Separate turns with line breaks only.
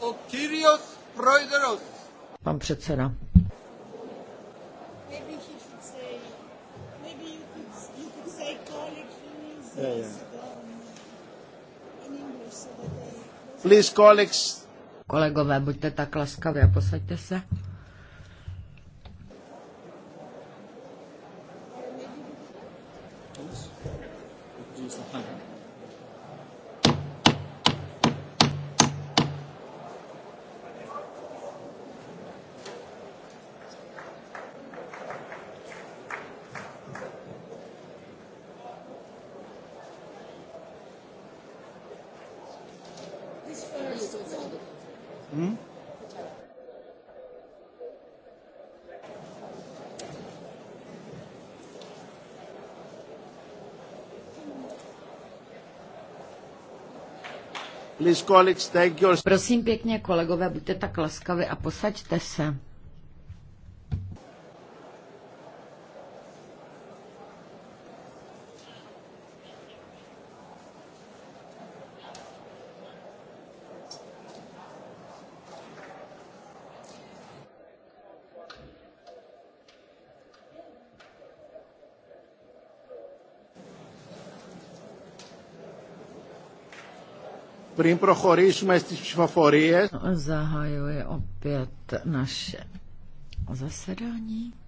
o Kyrios Proideros. Pan
předseda.
Please, colleagues. Kolegové, buďte tak laskaví a posaďte se. Thank you.
Hmm?
Prosím
pěkně, kolegové, buďte tak laskavi a posaďte se. prim opět naše zasedání.